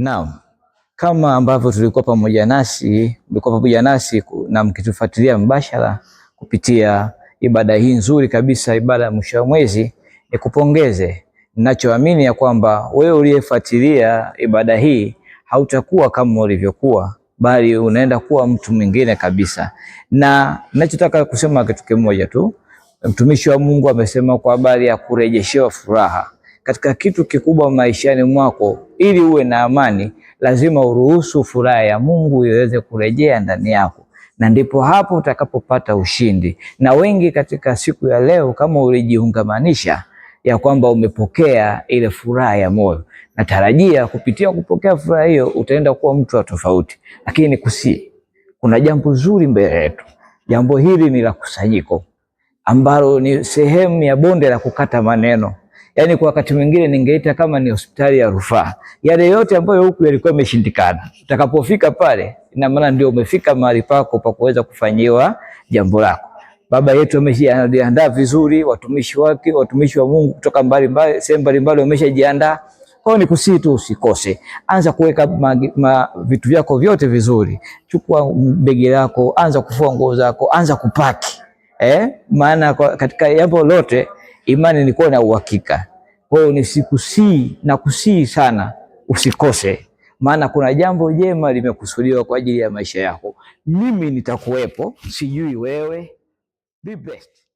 Naam, kama ambavyo tulikuwa pamoja nasi mlikuwa pamoja nasi na mkitufuatilia mbashara kupitia ibada hii nzuri kabisa, ibada ya mwisho wa mwezi, nikupongeze. Ninachoamini ya kwamba wewe uliyefuatilia ibada hii hautakuwa kama ulivyokuwa, bali unaenda kuwa mtu mwingine kabisa. Na ninachotaka kusema kitu kimoja tu, mtumishi wa Mungu amesema kwa habari ya kurejeshewa furaha katika kitu kikubwa maishani mwako, ili uwe na amani, lazima uruhusu furaha ya Mungu iweze kurejea ndani yako, na ndipo hapo utakapopata ushindi. Na wengi katika siku ya leo, kama ulijiungamanisha ya kwamba umepokea ile furaha ya moyo, natarajia kupitia kupokea furaha hiyo utaenda kuwa mtu wa tofauti, lakini kusi, kuna jambo zuri mbele yetu. Jambo hili ni la kusanyiko ambalo ni sehemu ya bonde la kukata maneno yani kwa wakati mwingine ningeita kama ni hospitali ya rufaa. Yale yote ambayo huku yalikuwa yameshindikana, utakapofika pale, ina maana ndio umefika mahali pako pa kuweza kufanyiwa jambo lako. Baba yetu ameshajiandaa vizuri, watumishi wake, watumishi wa Mungu kutoka mbalimbali, sehemu mbalimbali wameshajiandaa. Kwa ni kusii tu usikose, anza kuweka ma, ma, vitu vyako vyote vizuri, chukua begi lako, anza kufua nguo zako, anza kupaki eh? Maana katika jambo lote imani ni kuwa na uhakika kwao ni sikusii na kusii sana, usikose, maana kuna jambo jema limekusudiwa kwa ajili ya maisha yako. Mimi nitakuwepo, sijui wewe. Be best.